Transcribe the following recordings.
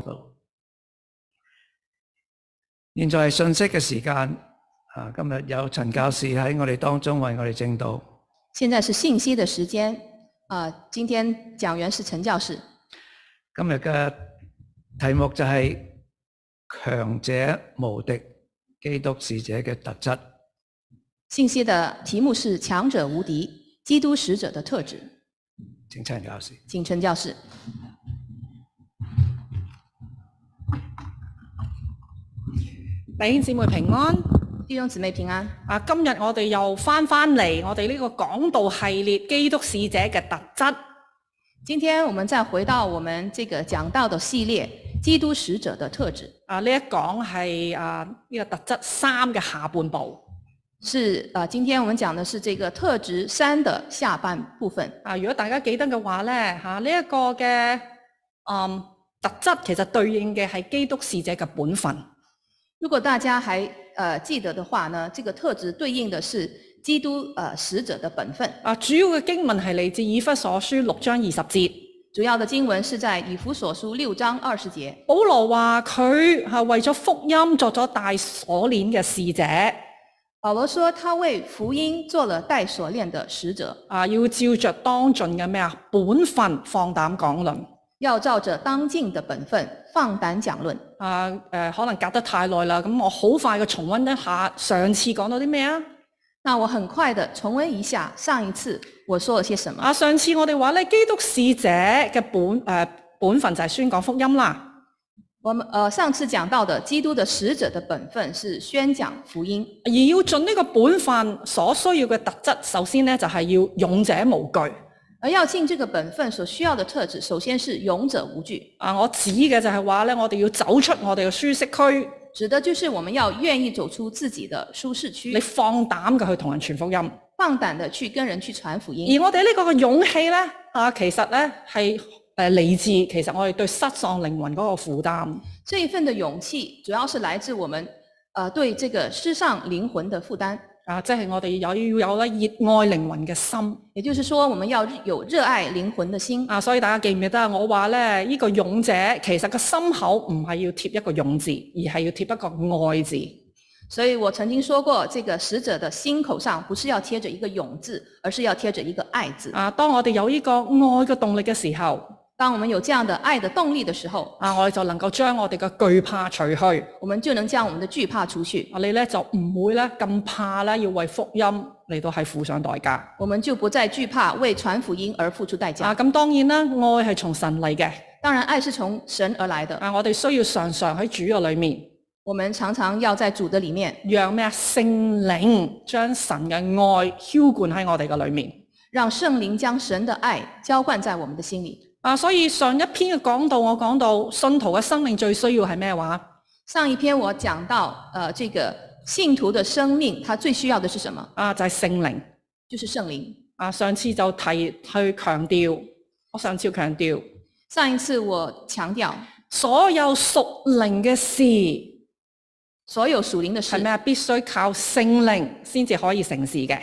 到，現在係信息嘅時間。啊、呃，今日有陳教士喺我哋當中為我哋證道。現在是信息嘅時間。啊、呃，今天講員是陳教士。今日嘅題目就係強者無敵，基督使者嘅特質。信息嘅題目是強者無敵，基督使者的特質。請陳教士。請陳教士。弟兄姊妹平安，弟兄姊妹平安。啊，今日我哋又返返嚟，我哋呢個講道系列基督使者嘅特質。今天我們再回到我們這個講道的系列，基督使者的特質。啊，呢一講係啊、呢、這個特質三嘅下半部，是啊，今天我們講嘅是這個特質三嘅下半部分。啊，如果大家記得嘅話呢一、啊這個嘅嗯特質，其實對應嘅係基督使者嘅本分。如果大家還，呃，記得的話呢，這個特質對應的是基督，呃使者的本分。啊，主要嘅經文是來自以弗所書六章二十節。主要的經文是在以弗所書六章二十節。保羅話佢係為咗福音作咗帶鎖鏈嘅使者。保羅說他為福音做了帶鎖鏈的使者。啊，要照着當盡嘅咩啊，本分放膽講論。要照着當盡的本分，放膽講論。啊，誒、呃，可能隔得太耐了，咁我好快就重温一下上次講到啲咩啊？那我很快的重温一下，上，溫一下上一次我說了些什麼？啊，上次我哋話咧，基督使者嘅本誒、呃、本分就係宣講福音啦。我們、呃、上次講到的基督的使者的本分是宣講福音。而要盡呢個本分所需要嘅特質，首先呢就係、是、要勇者無懼。而要盡這個本分所需要的特質，首先是勇者無懼。啊，我指嘅就係話呢，我哋要走出我哋嘅舒適區，指的就是：「我們要願意走出自己的舒適區。你放膽嘅去同人傳福音，放膽的去跟人去傳福音。而我哋呢個嘅勇氣呢，啊，其實呢係誒嚟自其實我哋對失喪靈魂嗰個負擔。這一份的勇氣，主要是來自我們啊對這個失喪靈魂的負擔。啊！即係我哋有要有熱愛靈魂嘅心，也就是說，我們要有熱愛靈魂的心。啊！所以大家記唔記得我話呢，依、這個勇者其實個心口唔係要貼一個勇字，而係要貼一個愛字。所以我曾經說過，這個使者的心口上不是要貼着一個勇字，而是要貼着一個愛字。啊！當我哋有依個愛嘅動力嘅時候。當我們有這樣的愛的動力的時候，啊，我們就能夠將我們的懼怕除去。啊，我們就能將我們的懼怕除去。你咧就唔會咧咁怕咧，要為福音嚟到係付上代價。我們就不再懼怕為傳福音而付出代價。啊，咁當然啦，愛係從神嚟嘅。當然，愛是從神而來的。啊，我哋需要常常喺主嘅裏面。我們常常要在主的裏面，讓咩聖靈將神嘅愛澆灌喺我哋嘅裏面。讓聖靈將神的愛澆灌在我們的心裏。啊，所以上一篇嘅講道，我講到信徒嘅生命最需要係咩話？上一篇我講到，呃，這個信徒的生命，他最需要係什麼？啊，就係聖靈，就是聖靈。啊，上次就提去強調，我上次強調，上一次我強調，所有屬靈嘅事，所有屬靈嘅事，係咪啊？必須靠聖靈先至可以成事嘅。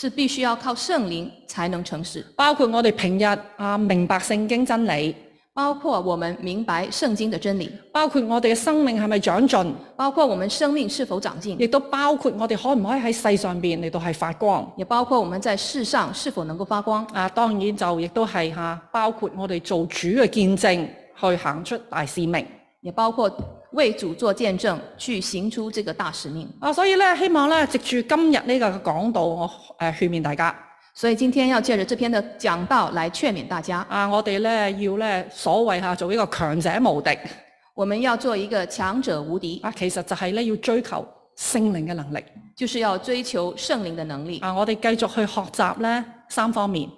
是必須要靠聖靈才能成事，包括我哋平日啊明白聖經真理，包括我們明白聖經的真理，包括我哋嘅生命係咪長進，包括我們生命是否長進，亦都包括我哋可唔可以喺世上面嚟到係發光，也包括我們在世上是否能夠發光啊！當然就亦都是、啊、包括我哋做主嘅見證去行出大使命，也包括。為主做見證，去行出這個大使命。啊，所以呢，希望呢，藉住今日呢個講道，我誒勸勉大家。所以今天要借着這篇的講道來勸勉大家。啊，我哋呢，要所謂做一個強者無敵，我們要做一個強者無敵。啊，其實就係要追求聖靈嘅能力，就是要追求聖靈嘅能力。啊，我哋繼續去學習呢三方面。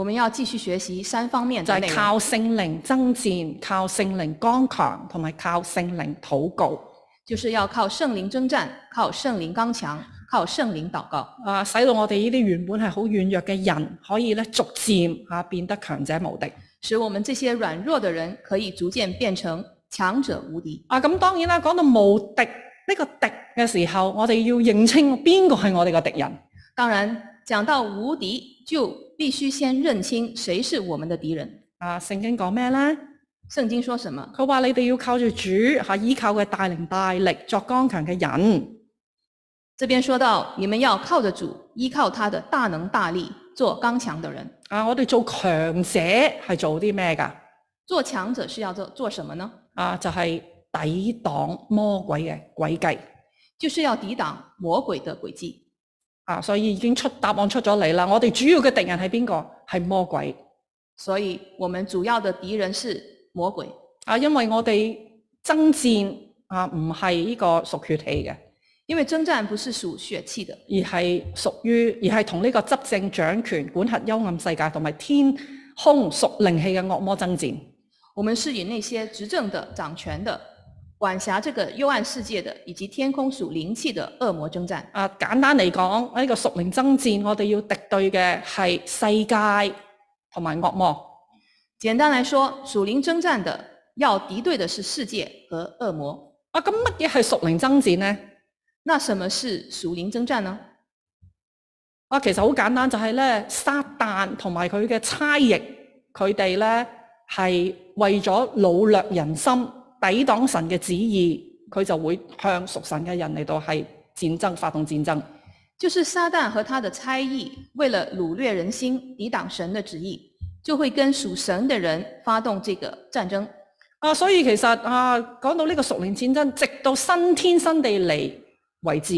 我們要繼續學習三方面嘅內容，就係靠聖靈征戰，靠聖靈剛強，同埋靠聖靈禱告。就是要靠聖靈征戰，靠聖靈剛強，靠聖靈禱告。啊，使到我哋呢啲原本係好軟弱嘅人，可以逐漸變得強者無敵。使我們這些軟弱的人，可以逐漸變成強者無敵。啊，咁當然啦，講到無敵呢個敵嘅時候，我哋要認清邊個係我哋嘅敵人。當然講到無敵就。必須先認清誰是我們的敵人。啊，聖經講咩呢？聖經說什麼？佢話你哋要靠住主，係依靠嘅大能大力，作剛強嘅人。這邊說到，你們要靠着主，依靠他的大能大力，做剛強的人。啊，我哋做強者係做啲咩噶？做強者是要做做什麼呢？啊，就係、是、抵擋魔鬼嘅詭計，就是要抵擋魔鬼的詭計。啊！所以已經出答案出咗嚟啦。我哋主要嘅敵人係邊個？係魔鬼。所以，我們主要的敵人是魔鬼。啊，因為我哋爭戰啊，唔係呢個屬血氣嘅。因為爭戰不是屬血氣的，而係屬於，而係同呢個執政掌權，管轄幽暗世界同埋天空屬靈氣嘅惡魔爭戰。我們是以那些執政的掌權的。管轄這個幽暗世界的，以及天空屬靈氣的惡魔徵戰。啊，簡單嚟講，呢、這個屬靈徵戰，我哋要敵對嘅係世界同埋惡魔。簡單來說，屬靈徵戰的要敵對的是世界和惡魔。啊，咁乜嘢係屬靈徵戰呢？那什麼是屬靈徵戰呢？啊，其實好簡單，就係咧，撒旦同埋佢嘅差役，佢哋咧係為咗擄掠人心。抵擋神嘅旨意，佢就會向屬神嘅人嚟到係戰爭，發動戰爭。就是撒旦和他的差役，為了擄掠人心、抵擋神的旨意，就會跟屬神的人發動這個戰爭。啊，所以其實啊，講到呢個屬靈戰爭，直到新天新地嚟為止，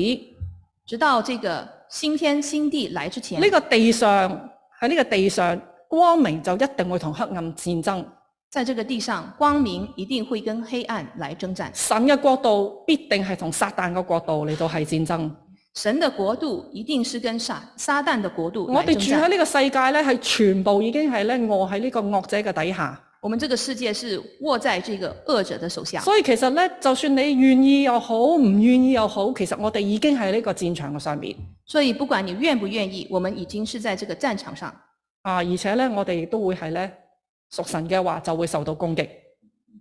直到這個新天新地來之前，呢個地上，喺呢個地上，光明就一定會同黑暗戰爭。在這個地上，光明一定會跟黑暗來征戰。神嘅國度必定係同撒旦嘅國度嚟,到係戰爭。神的國度一定是跟撒撒旦的國度。我哋住喺呢個世界咧，係全部已經係咧臥喺呢個惡者嘅底下。我們這個世界是握在這個惡者的手下。所以其實咧，就算你願意又好，唔願意又好，其實我哋已經喺呢個戰場嘅上面。所以不管你願不願意，我們已經是在這個戰場上。啊，而且咧，我哋亦都會係咧。屬神嘅話就會受到攻擊，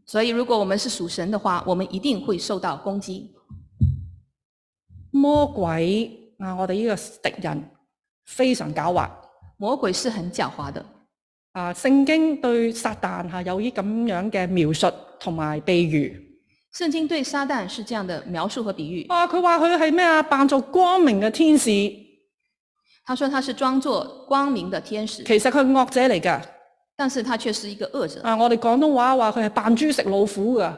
所以如果我們是屬神的話，我們一定會受到攻擊。魔鬼啊，我哋呢個敵人非常狡猾。魔鬼是很狡猾的啊！聖經對撒旦吓有呢咁樣嘅描述同埋比喻。聖經對撒旦是這樣的描述和比喻。啊，佢話佢係咩啊？扮作光明嘅天使。他說他是裝作光明的天使。其實佢係惡者嚟的。但是他卻是一個惡者。啊，我哋廣東話話佢係扮豬食老虎㗎。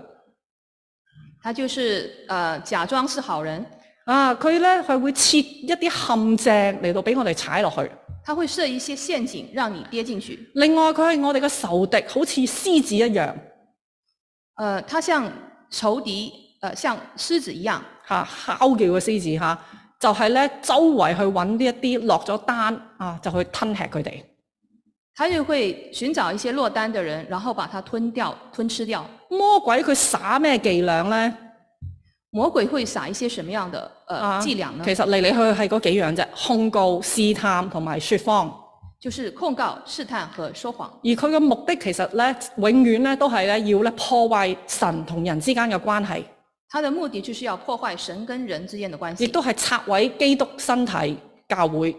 他就是，呃、假裝是好人。啊，佢咧佢會設一啲陷阱嚟到俾我哋踩落去。佢會設一些陷阱讓，陷阱讓你跌進去。另外，佢係我哋嘅仇敵，好似獅子一樣。誒、呃，他像仇敵，誒、呃，像獅子一樣。吓、啊，吼叫嘅獅子吓、啊，就係、是、咧周圍去揾呢一啲落咗單啊，就去吞吃佢哋。他就會尋找一些落單的人，然後把他吞掉、吞吃掉。魔鬼佢耍咩伎倆呢？魔鬼會耍一些什麼樣的、啊，呃，伎倆呢？其實嚟嚟去去係嗰幾樣啫：控告、試探同埋說謊。就是控告、試探和說謊。而佢嘅目的其實咧，永遠咧都係咧要咧破壞神同人之間嘅關係。他的目的就是要破壞神跟人之間的關係。亦都係拆毀基督身體教會。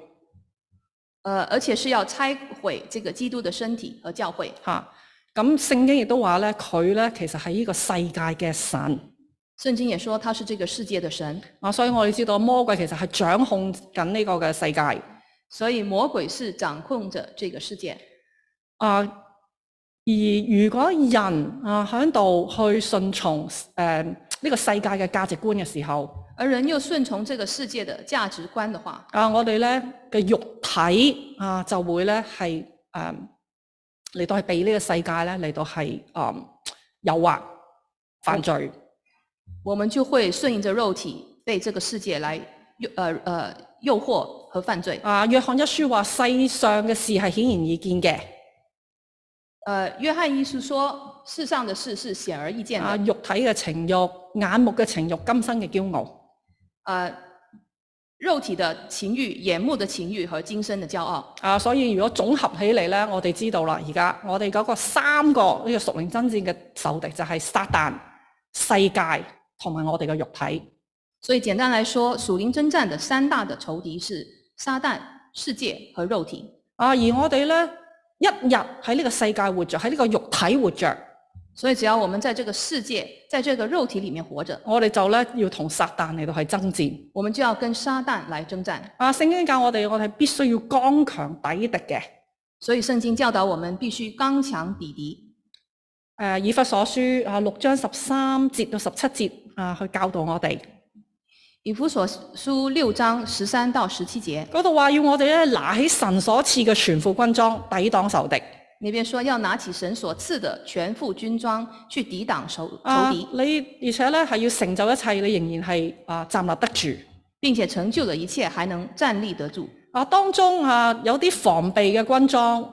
而且是要拆毀這個基督的身體和教會。吓、啊，咁聖經亦都話咧，佢咧其實係呢個世界嘅神。聖經也說他是這個世界的神。啊，所以我哋知道魔鬼其實係掌控緊呢個嘅世界。所以魔鬼是掌控着這個世界。啊，而如果人啊喺度去順從誒呢、呃這個世界嘅價值觀嘅時候。而人又順從這個世界的價值觀的話，啊，我哋咧嘅肉體啊，就會咧係嚟到係被呢個世界咧嚟到係啊誘惑犯罪，我們就會順應着肉體被這個世界嚟誘、呃呃、誘惑和犯罪。啊，約翰一書話世上嘅事係顯而易見嘅。誒，約翰一書說世上的事是顯而易見的。啊，肉體嘅情慾、眼目嘅情慾、今生嘅驕傲。呃、uh, 肉體的情欲、眼目的情欲和今生的驕傲啊，uh, 所以如果綜合起嚟呢，我哋知道了，而家我哋嗰個三個呢、這個屬靈爭戰嘅仇敵就是撒旦、世界同埋我哋嘅肉體。所以簡單來說，屬靈爭戰嘅三大嘅仇敵是撒旦、世界和肉體啊。Uh, 而我哋呢，一日喺呢個世界活着，喺呢個肉體活着。所以只要我們在這個世界，在這個肉體裏面活着，我哋就呢要同撒旦嚟到去征戰。我們就要跟撒旦來征戰。啊，聖經教我哋，我哋係必須要剛強抵敵嘅。所以聖經教導我們必須剛強抵敵。以弗所書啊六章十三節到十七節啊，去教導我哋。以弗所書六章十三到十七節，嗰度話要我哋咧拿起神所賜嘅全副軍裝，抵擋仇敵。你便說要拿起神所賜的全副軍裝去抵擋仇敵，啊，你而且咧係要成就一切，你仍然是啊站立得住，並且成就了一切，還能站立得住。啊，當中啊有啲防備嘅軍裝，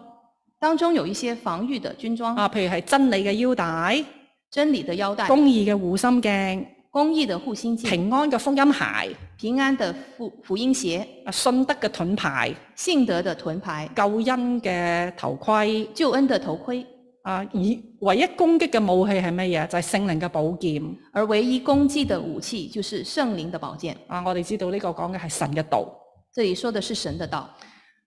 當中有一些防禦的軍裝，啊，譬如是真理嘅腰帶，真理的腰帶，公義嘅護心鏡，公義的護心鏡，平安嘅福音鞋。平安的福福音鞋，啊，信德嘅盾牌，信德的盾牌，盾牌，救恩嘅頭盔，救恩的頭盔，啊，而唯一攻擊嘅武器是乜嘢？就係、是、聖靈嘅寶劍。而唯一攻擊的武器就是聖靈的寶劍。啊，我哋知道呢個講嘅係神嘅道。這裏說的是神的道。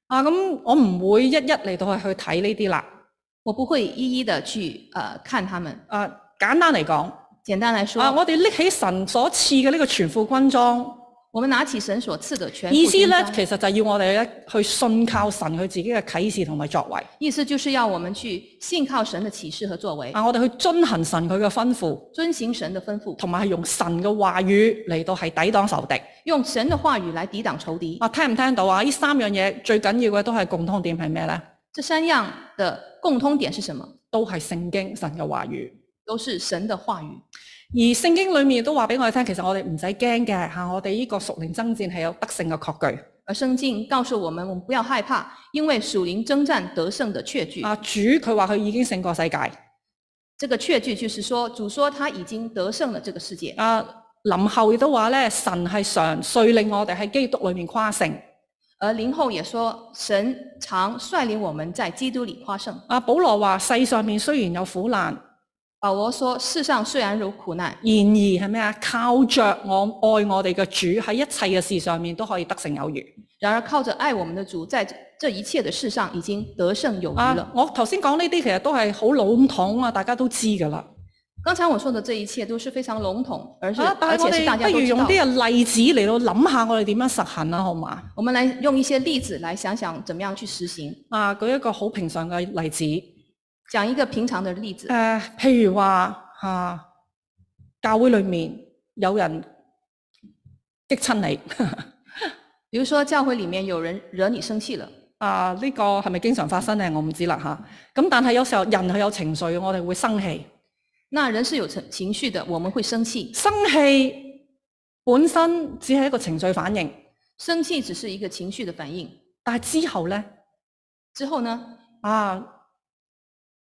啊，咁我唔會一一嚟到去睇呢啲啦。我不會一一的去、呃，看他們。簡單嚟講，簡單嚟說，啊，我哋拎起神所賜嘅呢個全副軍裝。我們拿起神所賜的全。意思呢，其實就係要我們去信靠神佢自己的啟示同埋作為。意思就是要我們去信靠神的啟示和作為。啊，我們去遵行神佢嘅吩咐。遵行神的吩咐，同埋係用神的話語嚟到係抵擋仇敵。用神的話語來抵擋仇敵。啊，聽唔聽到啊？呢三樣嘢最緊要嘅都係共通點係咩呢？這三樣的共通點是什麼？都係聖經神嘅話語。都是神的話語。而聖經裏面也都話俾我哋聽，其實我哋唔使驚嘅吓，我哋依個屬靈爭戰係有得勝嘅確據。啊，聖經告訴我們唔要害怕，因為屬靈爭戰得勝的確據。啊，主佢話佢已經勝過世界。這個確據就是說，主說他已經得勝了這個世界。啊，林後亦都話咧，神係常率領我哋喺基督裏面誇勝。而林後也說，神常率領我們在基督裏誇勝。啊，保羅話世上面雖然有苦難。保羅說：世上雖然有苦難，然而係咩啊？靠着我愛我哋嘅主，喺一切嘅事上面都可以得勝有餘。然而靠着愛我們的主，在這一切的事上已經得勝有餘了。啊、我頭先講呢啲其實都係好籠統啊，大家都知噶啦。剛才我說的這一切都是非常籠統，而且大家不如用啲嘅例子嚟到諗下我哋點樣實行啊，好唔好？我們來用一些例子來想想，怎麼樣去實行？啊，舉一個好平常嘅例子。講一個平常的例子，誒、呃，譬如話、啊、教會裏面有人激親你呵呵，比如說教會裏面有人惹你生氣了，啊，呢、這個係咪經常發生呢？我唔知啦吓。咁、啊、但係有時候人係有情緒，我哋會生氣。那人是有情情緒的，我們會生氣。生氣本身只係一個情緒反應，生氣只是一個情緒的反應。但之後呢？之後呢？啊。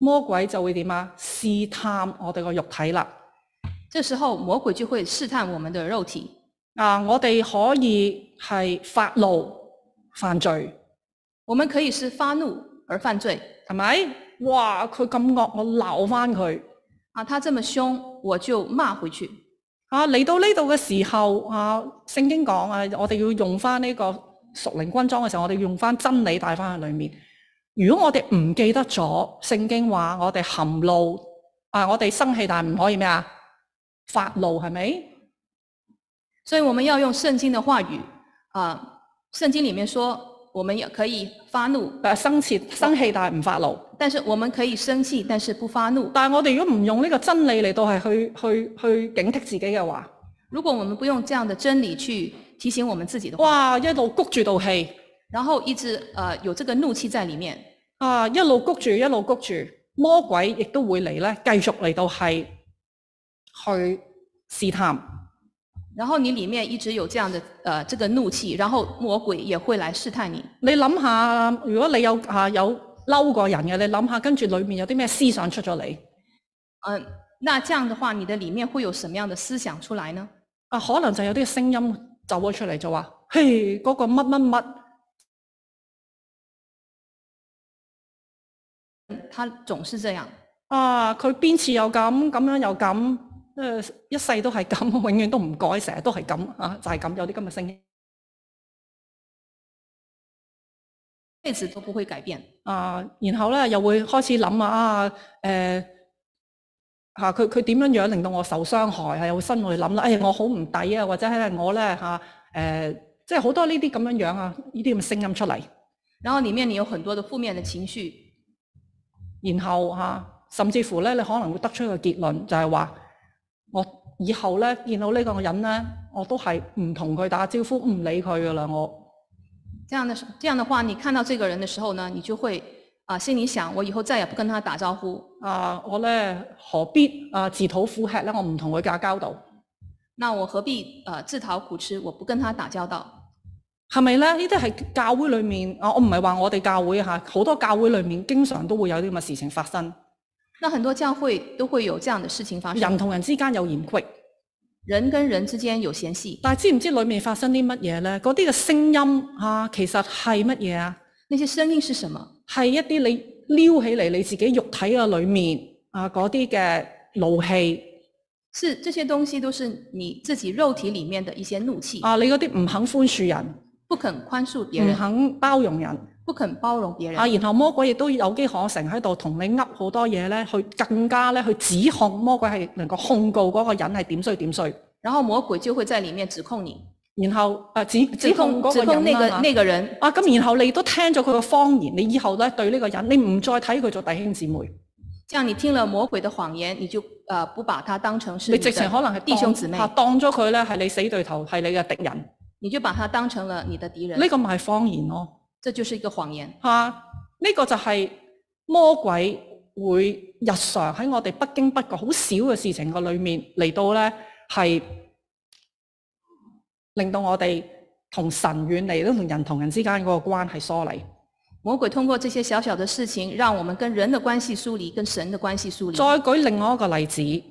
魔鬼就會點啊？試探我哋個肉體啦。這時候魔鬼就會試探我們的肉體。啊，我哋可以係發怒犯罪。我們可以是發怒而犯罪，係咪？哇！佢咁惡，我鬧翻佢。啊，他這麼凶，我就罵回去。啊，嚟到呢度嘅時候啊，聖經講啊，我哋要用翻呢個屬靈軍裝嘅時候，我哋用翻真理帶翻喺裡面。如果我哋唔記得咗聖經話，我哋含怒啊，我哋生氣，但係唔可以咩啊？發怒係咪？所以，我們要用聖經的話語啊。呃、聖經裡面說，我們也可以發怒，生氣，生氣但係唔發怒。但是，我們可以生氣，但是不發怒。但係我哋如果唔用呢個真理嚟到係去去去警惕自己嘅話，如果我們不用這樣的真理去提醒我們自己的話，哇！一路谷住道氣，然後一直、呃、有這個怒氣在裡面。啊！一路谷住，一路谷住，魔鬼亦都會嚟咧，繼續嚟到係去試探。然後你裏面一直有這樣的，誒、呃，這個怒氣，然後魔鬼也會來試探你。你諗下，如果你有吓、啊、有嬲過人嘅，你諗下，跟住裏面有啲咩思想出咗嚟？嗯、呃，那這樣的話，你嘅裏面會有什麼樣的思想出嚟呢？啊，可能就有啲聲音走咗出嚟，就話：嘿，嗰、那個乜乜乜。他總是這樣啊！佢邊次又咁，咁樣又咁，誒、呃，一世都係咁，永遠都唔改，成日都係咁啊！就係、是、咁，有啲咁嘅聲音，咩事都不會改變啊！然後咧又會開始諗啊，誒、呃，吓佢佢點樣樣令到我受傷害，係、啊、又會心會諗啦。哎，我好唔抵啊，或者係我咧吓，誒、啊，即係好多呢啲咁樣樣啊，呢啲咁嘅聲音出嚟。然後裏面你有很多嘅負面嘅情緒。然後、啊、甚至乎咧，你可能會得出一個結論，就係話我以後咧見到呢個人咧，我都係唔同佢打招呼，唔理佢嘅啦。我，這樣的，這樣的話，你看到這個人的時候呢，你就會啊，心裡想，我以後再也不跟他打招呼。啊，我咧何必啊自討苦吃咧？我唔同佢打交道。那我何必啊自討苦吃？我不跟他打交道。係咪咧？呢啲係教會裏面，我不是說我唔係話我哋教會吓，好多教會裏面經常都會有啲咁嘅事情發生。那很多教會都會有這樣嘅事情發生。人同人之間有嫌隙，人跟人之間有嫌隙。但係知唔知裏面發生啲乜嘢咧？嗰啲嘅聲音啊，其實係乜嘢啊？那些聲音是什麼？係一啲你撩起嚟你自己肉體嘅裏面啊，嗰啲嘅怒氣。是這些東西都是你自己肉體裏面的一些怒氣。啊，你嗰啲唔肯寬恕人。不肯寬恕別人，不肯包容別人，不肯包容別人。啊，然後魔鬼亦都有機可乘喺度，同你噏好多嘢咧，去更加咧去指控魔鬼係能夠控告嗰個人係點衰點衰。然後魔鬼就會在裏面指控你，然後誒、呃，指控指控指控那個、那個、那個人啊，咁然後你都聽咗佢嘅謊言，你以後咧對呢個人，你唔再睇佢做弟兄姊妹。這樣你聽了魔鬼嘅謊言，你就誒、呃、不把他當成是。你直情可能係弟兄姊妹，是當咗佢咧係你死對頭，係你嘅敵人。你就把他當成了你的敵人。呢、這個咪謊言咯、哦，這就是一個謊言。吓、啊，呢、這個就是魔鬼會日常喺我哋不經不覺好小嘅事情裏面嚟到呢，係令到我哋同神遠離，都同人同人之間嗰個關係疏離。魔鬼通過這些小小的事情，讓我們跟人的關係疏離，跟神的關係疏離。再舉另外一個例子，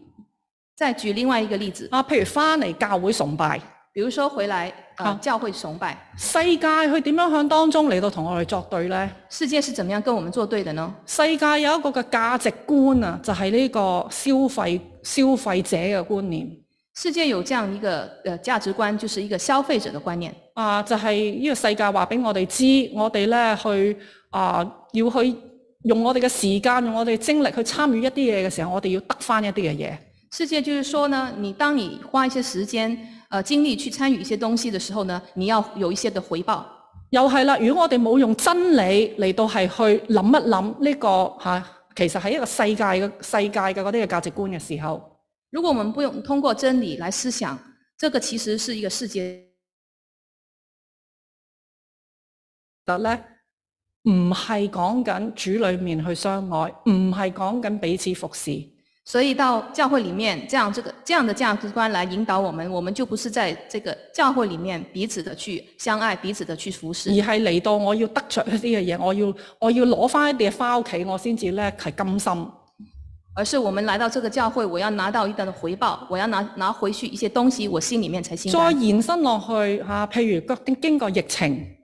再舉另外一個例子。啊，譬如翻嚟教會崇拜，比如說回來。啊！教會崇拜世界，佢點樣向當中嚟到同我哋作對咧？世界是點樣跟我們作對的呢？世界有一個嘅價值觀啊，就係呢個消費消費者嘅觀念。世界有這樣一個，呃，價值觀，就是一個消費者嘅觀念。啊，就係呢個世界話俾我哋知，我哋咧去啊，要去用我哋嘅時間、用我哋嘅精力去參與一啲嘢嘅時候，我哋要得翻一啲嘅嘢。世界就是說呢，你當你花一些時間，呃，精力去參與一些東西的時候呢，你要有一些的回報。又係啦，如果我哋冇用真理嚟到係去諗一諗呢個，啊，其實係一個世界嘅世界嘅嗰啲嘅價值觀嘅時候，如果我們不用通過真理嚟思想，這個其實是一個世界的，但呢唔係講緊主裏面去相愛，唔係講緊彼此服侍。所以到教會裏面，這樣這個這樣的價值觀來引導我們，我們就不是在這個教會裏面彼此的去相愛，彼此的去服侍，而係嚟到我要得出一啲嘅嘢，我要我要攞翻一啲翻屋企，我先至咧係甘心。而是我們來到這個教會，我要拿到一定的回報，我要拿拿回去一些東西，我心裏面才心安。再延伸落去嚇，譬如經經過疫情。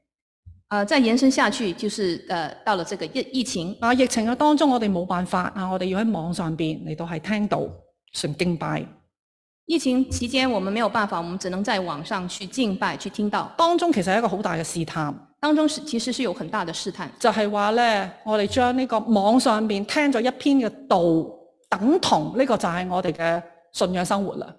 呃，再延伸下去，就是，呃，到了這個疫疫情。啊，疫情嘅當中，我哋冇辦法啊，我哋要喺網上邊嚟到係聽道純敬拜。疫情期間，我們沒有辦法，我們只能在網上去敬拜，去聽道。當中其實是一個好大嘅試探。當中是其實是有很大的試探，就係話咧，我哋將呢個網上邊聽咗一篇嘅道，等同呢個就係我哋嘅信仰生活啦。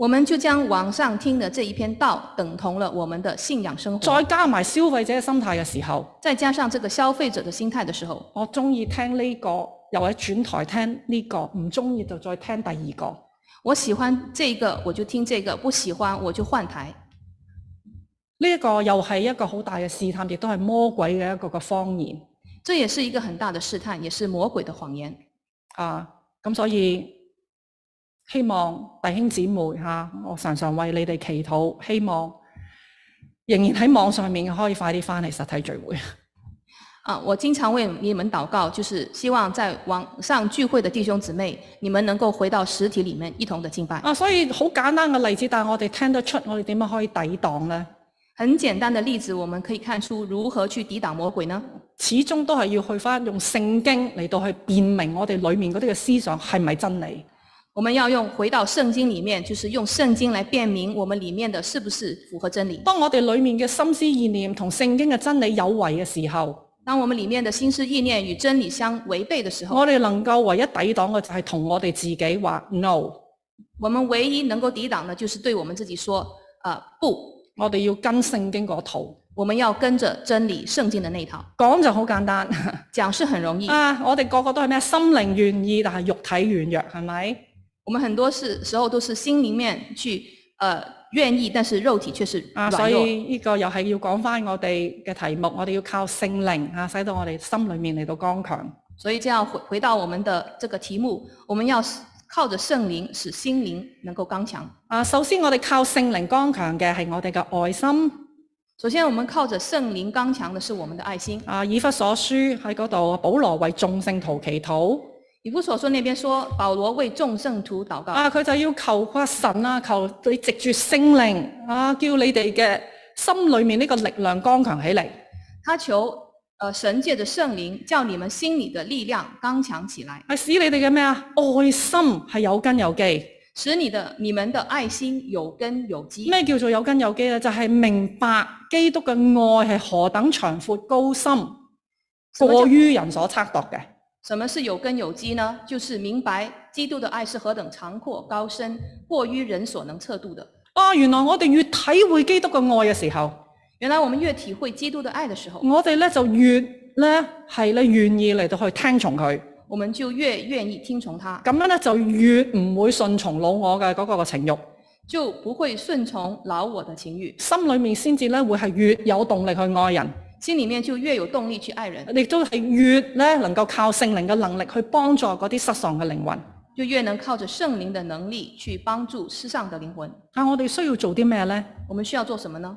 我們就將網上聽的這一篇道等同了我們的信仰生活。再加埋消費者的心態嘅時候，再加上這個消費者的心態的時候，我中意聽呢、這個，又喺轉台聽呢、這個，唔中意就再聽第二個。我喜歡這個我就聽這個，不喜歡我就換台。呢、這個、一個又係一個好大嘅試探，亦都係魔鬼嘅一個個謊言。這也是一個很大的試探，也是魔鬼的謊言。啊，咁所以。希望弟兄姊妹哈，我常常為你哋祈禱。希望仍然喺網上面可以快啲翻嚟實體聚會。啊，我經常為你們禱告，就是希望在網上聚會的弟兄姊妹，你們能夠回到實體裏面一同的敬拜。啊，所以好簡單嘅例子，但我哋聽得出我哋點樣可以抵擋呢？很簡單的例子，我們可以看出如何去抵擋魔鬼呢？始終都是要去翻用聖經嚟到去辨明我哋裏面嗰啲嘅思想係咪真理。我們要用回到聖經裡面，就是用聖經來辨明我們裡面的是不是符合真理。當我哋裡面嘅心思意念同聖經嘅真理有違嘅時候，當我們裡面嘅心思意念與真理相違背的時候，我哋能夠唯一抵擋嘅就係同我哋自己話 no。我們唯一能夠抵擋嘅就是對我們自己說啊、uh, 不，我哋要跟聖經嗰套，我們要跟着真理聖經的那套講就好簡單， 講是很容易 啊！我哋個個都係咩心靈願意，但係肉體軟弱，係咪？我們很多時時候都是心裏面去，呃、願意，但是肉體卻是啊，所以呢個又係要講返我哋嘅題目，我哋要靠聖靈啊，使到我哋心裏面嚟到剛強。所以這樣回回到我們的這個題目，我們要靠着聖靈使心靈能夠剛強。啊，首先我哋靠聖靈剛強嘅係我哋嘅愛心。首先，我們靠着聖靈剛強的是我們的愛心。啊，以弗所書喺嗰度，保羅為眾聖徒祈禱。以弗所所說，那邊說保羅為眾聖徒禱告。啊，佢就要求個、啊、神啊，求你藉住聖靈啊，叫你哋嘅心裏面呢個力量剛強起嚟。他求，呃、神借着聖靈，叫你們心裏的力量剛強起來。使你哋嘅咩啊？愛心係有根有基。使你的你們的愛心有根有基。咩叫做有根有基呢？就是明白基督嘅愛是何等長闊高深，過於人所測度嘅。什麼是有根有基呢？就是明白基督的愛是何等長闊高深，過於人所能測度的。啊，原來我哋越體會基督嘅愛嘅時候，原來我們越體會基督的愛的時候，我哋呢就越呢係呢願意嚟到去聽從佢，我們就越願意聽從他。咁樣呢就越唔會順從老我嘅嗰個情欲，就不會順從老我的情欲，心裏面先至呢會係越有動力去愛人。心裏面就越有動力去愛人，亦都是越能夠靠聖靈的能力去幫助那些失喪的靈魂，就越能靠着聖靈的能力去幫助失喪的靈魂。但，我哋需要做啲咩咧？我們需要做什麼呢？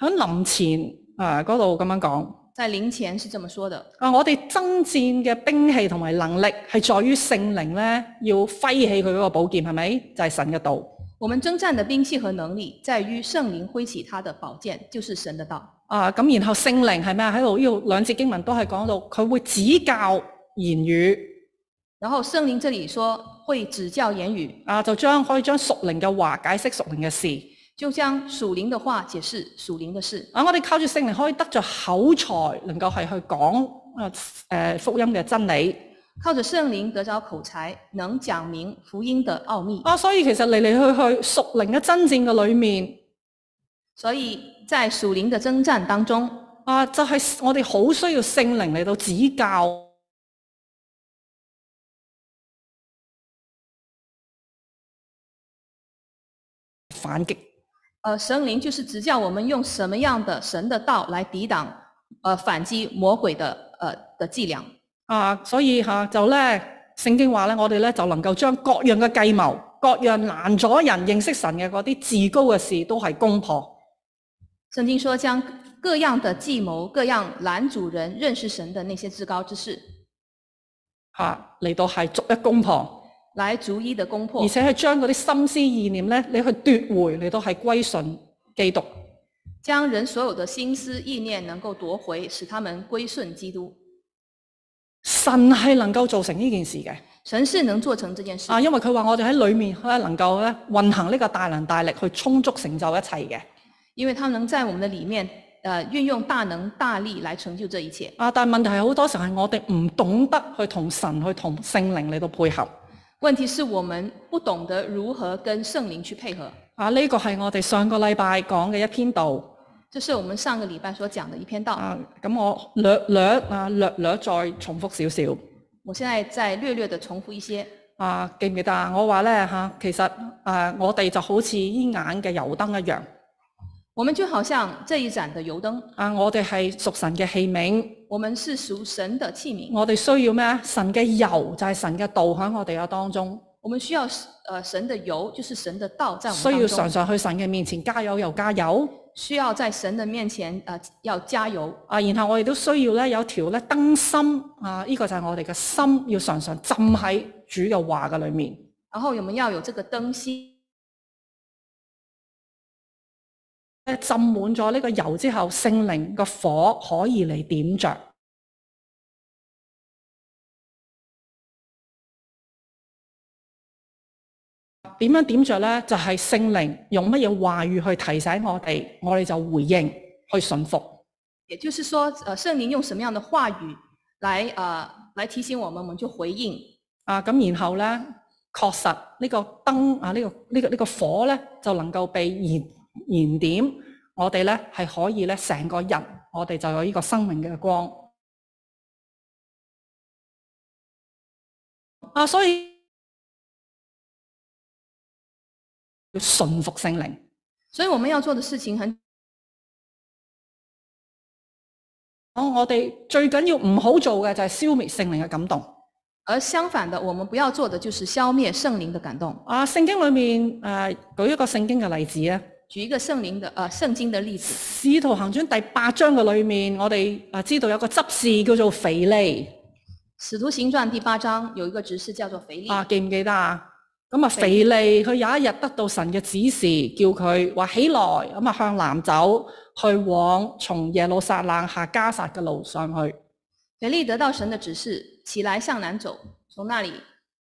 喺臨前啊嗰度咁樣講，在臨前是這麼說的啊、呃！我們征戰的兵器同埋能力是在於聖靈咧，要揮起佢嗰個寶劍，是不是？就是神的道。我們征戰的兵器和能力在於聖靈揮起他的寶劍，就是神的道。啊，咁然後聖靈係咩？喺度呢度兩節經文都係講到佢會指教言語。然後聖靈這裏說會指教言語。啊，就將可以將屬靈嘅話解釋屬靈嘅事，就將屬靈嘅話解釋屬靈嘅事。啊，我哋靠住聖靈可以得着口才，能夠係去講啊誒福音嘅真理。靠住聖靈得着口才能講明福音嘅奧秘。啊，所以其實嚟嚟去去屬靈嘅爭戰嘅裏面，所以。在屬靈的征戰當中，啊，就是我們好需要聖靈來到指教反擊。誒、呃，聖靈就是指教我們用什麼樣的神的道來抵擋，誒、呃，反擊魔鬼的誒、呃、的伎倆。啊，所以吓、啊、就咧，聖經話咧，我們咧就能夠將各樣的計謀、各樣攔阻人認識神嘅嗰啲自高嘅事都是公，都係攻破。聖經說，將各樣的計謀、各樣攔阻人認識神的那些至高之事嚟到逐一攻破，來逐一的攻破，而且係將嗰啲心思意念你去奪回嚟到係歸順基督，將人所有的心思意念能夠奪回，使他們歸順基督。神是能夠做成呢件事嘅，神是能做成這件事的。啊，因為佢話我哋喺裏面咧，能夠運行呢個大能大力去充足成就一切嘅。因為佢能在我們的裏面，誒，運用大能大力來成就這一切。啊，但問題是好多時候我哋唔懂得去同神去同聖靈嚟到配合。問題是我們不懂得如何跟聖靈去配合。啊，呢、這個是我哋上個禮拜講嘅一篇道，就是我們上個禮拜所講嘅一篇道。啊，咁我略略啊略略再重複少少。我現在再略略的重複一些。啊，記唔記得啊？我話呢，其實、啊、我哋就好似呢眼嘅油燈一樣。我們就好像這一盞的油燈啊，我哋係屬神嘅器皿，我們是屬神的器皿。我哋需要咩？神嘅油就係神嘅道喺我哋嘅當中。我們需要，呃，神的油就是神的道在我們當中。需要常常去神嘅面前加油又加油。需要在神的面前，呃，要加油。啊，然後我哋都需要咧有一條咧燈芯啊，呢個就係我哋嘅心要常常浸喺主嘅話嘅裏面。然後我們要有這個燈芯。浸滿咗呢個油之後，聖靈個火可以嚟點着。點樣點着咧？就係、是、聖靈用乜嘢話語去提醒我哋，我哋就回應去順服。也就是說，誒，聖靈用什麼樣的話語來誒、呃、來提醒我們，我們就回應。啊，咁然後咧，確實呢個燈啊，呢、這個呢、這個呢、這個火咧就能夠被燃，燃點，我哋咧係可以咧，成個人我哋就有呢個生命嘅光啊！所以要順服聖靈，所以我們要做的事情很哦、啊，我哋最緊要唔好做嘅就係消滅聖靈嘅感動，而相反的，我們不要做的就是消滅聖靈的感動啊！聖經裏面誒、啊，舉一個聖經嘅例子舉一個聖靈的，呃、啊、聖經的例子。使徒行傳第八章嘅裏面，我哋啊知道有一個執事叫做腓利。使徒行傳第八章有一個指示叫做腓利。啊，記唔記得啊？咁啊，腓利佢有一日得到神嘅指示，叫佢話起來，咁啊向南走去往從耶路撒冷下加撒嘅路上去。腓利得到神嘅指示，起來向南走，從那裏。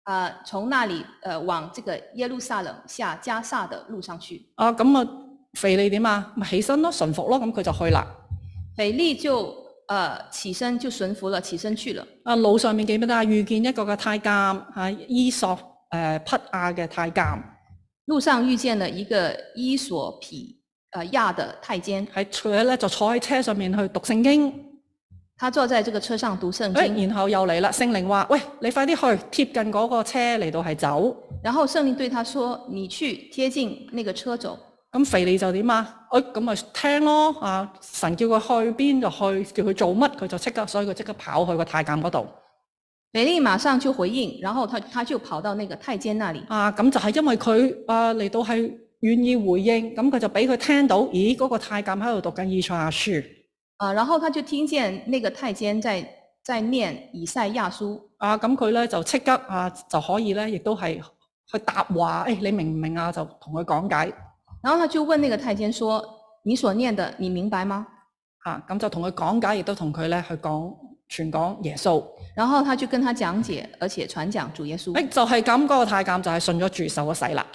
啊、呃，從那裡，誒、呃，往這個耶路撒冷下加薩的路上去。啊、咁、嗯、啊，腓利點啊、嗯呃？起身咯，順服咯，咁佢就去啦。腓利就，誒，起身就順服了，起身去了。啊，路上面記唔記得啊？遇見一個嘅太監，吓，伊索誒匹亞嘅太監。路上遇見了一個伊索匹，誒亞的太監，喺佢咧就坐喺車上面去讀聖經。他坐在這個車上讀聖經，然後又來了。聖靈說，喂，你快點去貼近那個車來到係走。然後聖靈對他說：你去貼近那個車走。咁腓利就點啊？哎，那咪聽咯啊！神叫他去邊就去，叫他做乜他就即刻，所以他即刻跑去個太監那裏。腓利馬上就回應，然後他他就跑到那個太監那裏。啊，那就是因為他啊嚟到是願意回應，那佢就給他聽到，咦，那個太監在讀緊以賽亞書。啊，然後他就聽見那個太監在在念以賽亞書。啊，咁佢咧就即刻啊就可以咧，亦都係去答話，誒、哎，你明唔明啊？就同佢講解。然後他就問那個太監說：你所念的，你明白嗎？啊，咁就同佢講解，亦都同佢咧去講傳講耶穌。然後他就跟他講解，而且傳講主耶穌。誒、就是，就係咁嗰個太監就係信咗主，受咗洗啦。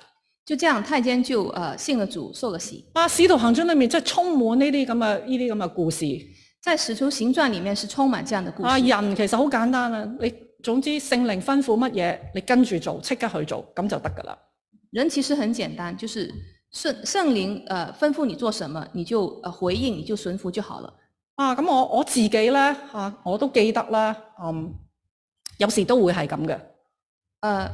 就這樣，太監就呃信了主，受了洗。啊，使徒行傳裏面，真係充滿呢啲咁嘅呢啲咁嘅故事。在使徒行傳裏面是充滿這樣的故事。啊，人其實好簡單啊，你總之聖靈吩咐乜嘢，你跟住做，即刻去做，咁就得噶啦。人其實很簡單，就是聖聖靈啊、呃、吩咐你做什麼，你就、呃、回應，你就順服就好了。啊，咁、嗯、我我自己咧啊，我都記得啦，嗯，有時都會係咁嘅，誒、呃。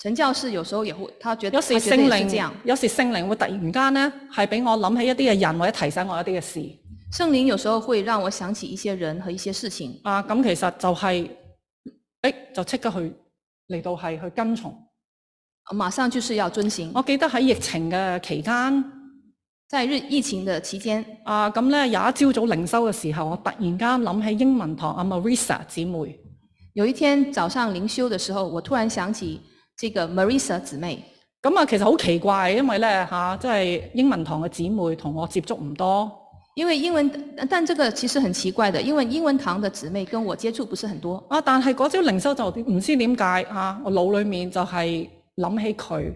陳教士有時候也會，他覺得有時聖靈係這樣。有時聖靈會突然間呢，係俾我諗起一啲嘅人，或者提醒我一啲嘅事。聖靈有時候會讓我想起一些人和一些事情。啊，咁其實就係、是，誒、欸，就即刻去嚟到係去跟從，馬上就是要遵行。我記得喺疫情嘅期間，在日疫情嘅期間。啊，咁咧，有一朝早靈修嘅時候，我突然間諗起英文堂阿 Marissa 姊妹。有一天早上靈修嘅時候，我突然想起。這個 Marissa 姊妹，咁啊，其實好奇怪，因為咧即係英文堂嘅姊妹同我接觸唔多。因為英文，但呢個其實很奇怪的，因為英文堂的姊妹跟我接觸不是很多。啊，但係嗰朝靈修就唔知點解嚇，我腦裏面就係諗起佢。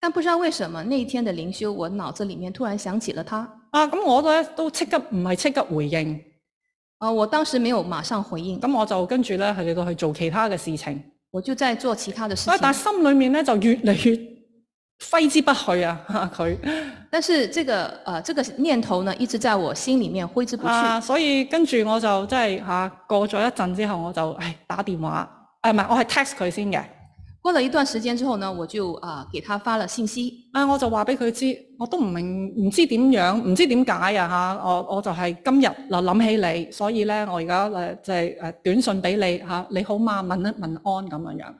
但不知道為什麼，那一天的靈修，我腦子裏面突然想起了他。啊，咁我咧都即刻唔係即刻回應。啊，我當時沒有馬上回應。咁我就跟住咧去去做其他嘅事情。我就在做其他的事情，但心裏面就越嚟越揮之不去啊！佢、啊，但是這個，呃這個、念頭呢一直在我心裏面揮之不去。啊、所以跟住我就、啊、過咗一陣之後，我就唉，打電話，唔係、啊、我係 text 佢先嘅。.過了一段時間之後呢，我就啊、呃、給他發了信息。啊，我就話俾佢知，我都唔明唔知點樣，唔知點解呀。嚇，我我就係今日嗱諗起你，所以呢，我而家、呃、就係、是、短信俾你嚇，你好嗎？問一問安咁樣樣。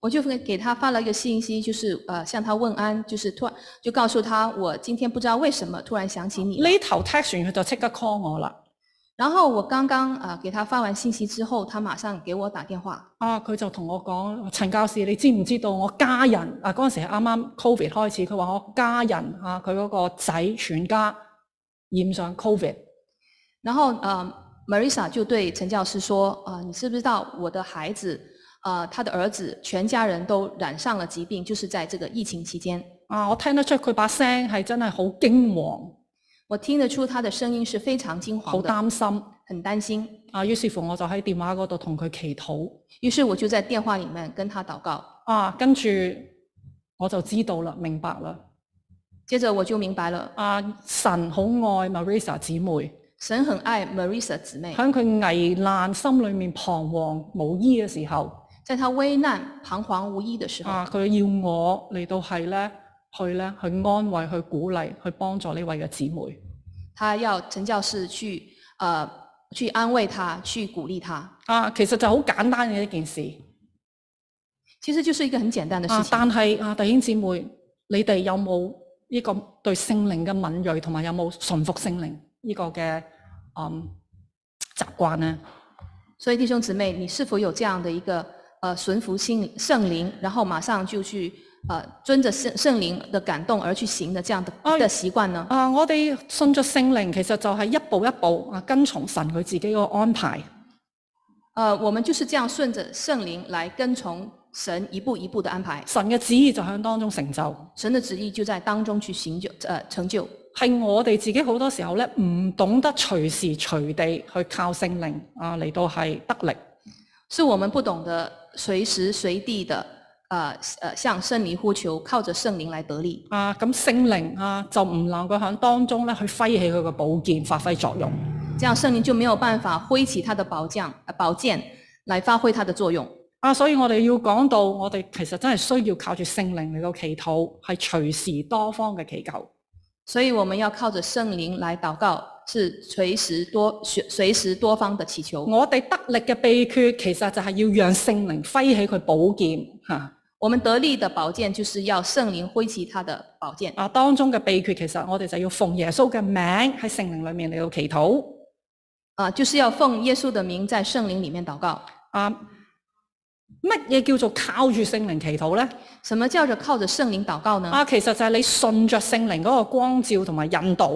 我就給他發了一個信息，就是誒、呃、向他問安，就是突然就告訴他我今天不知道為什麼突然想起你。呢頭 text 佢就即刻 call 我啦。然後我剛剛啊，給他發完信息之後，他馬上給我打電話。啊，佢就同我講，陳教士，你知唔知道我家人啊？嗰陣時係啱啱 covid 開始，佢話我家人啊，佢嗰個仔全家染上 covid。然後啊，Marissa 就對陳教士說，啊，你知唔知道我的孩子啊？他的兒子全家人都染上了疾病，就是在這個疫情期間。啊，我聽得出佢把聲係真係好驚惶。我聽得出他的聲音是非常驚慌，好擔心，很擔心。啊，於是乎我就喺電話嗰度同佢祈禱。於是我就在電話裏面跟他禱告。啊，跟住我就知道啦，明白啦。接着我就明白了，啊，神好愛 Marissa 姊妹。神很愛 Marissa 姊妹。喺佢危難心裏面彷徨無依嘅時候，在他危難彷徨無依的時候。啊，佢要我嚟到係咧。去咧，去安慰，去鼓勵，去幫助呢位嘅姊妹。他要陳教士去，誒、呃，去安慰他，去鼓勵他。啊，其實就好簡單嘅一件事，其實就是一個很簡單嘅事、啊、但係啊，弟兄姊妹，你哋有冇呢個對聖靈嘅敏銳，同埋有冇順服聖靈呢個嘅嗯習慣呢？所以弟兄姊妹，你是否有這樣的一個，誒、呃，順服聖靈聖靈，然後馬上就去？啊，遵着聖聖靈的感動而去行的這樣嘅、啊、習慣呢？啊，我哋順住聖靈，其實就係一步一步啊，跟從神佢自己個安排。誒、啊，我們就是這樣順着聖靈來跟從神一步一步的安排。神嘅旨意就喺當中成就，神嘅旨意就在當中去行就、呃、成就。誒，成就係我哋自己好多時候咧，唔懂得隨時隨地去靠聖靈啊嚟到係得力，是我們不懂得隨時隨地的。呃，向聖靈呼求，靠着聖靈來得力。啊，咁聖靈啊，就唔能夠喺當中咧去揮起佢個寶劍，發揮作用。這樣聖靈就沒有辦法揮起他的寶劍，寶、呃、劍來發揮他的作用。啊，所以我哋要講到，我哋其實真係需要靠住聖靈嚟到祈禱，係隨時多方嘅祈求。所以我們要靠着聖靈嚟禱告，是隨時多隨時多方嘅祈求。我哋得力嘅秘訣，其實就係要讓聖靈揮起佢寶劍，吓、啊。我們得力的寶劍就是要聖靈揮起他的寶劍啊！當中嘅秘訣，其實我哋就要奉耶穌嘅名喺聖靈裏面嚟到祈禱、禱啊！就是要奉耶穌的名在聖靈裏面禱告啊！乜嘢叫做靠住聖靈祈禱、禱呢？什麼叫做靠着聖靈禱告呢？啊，其實就是你順着聖靈嗰個光照同埋引導，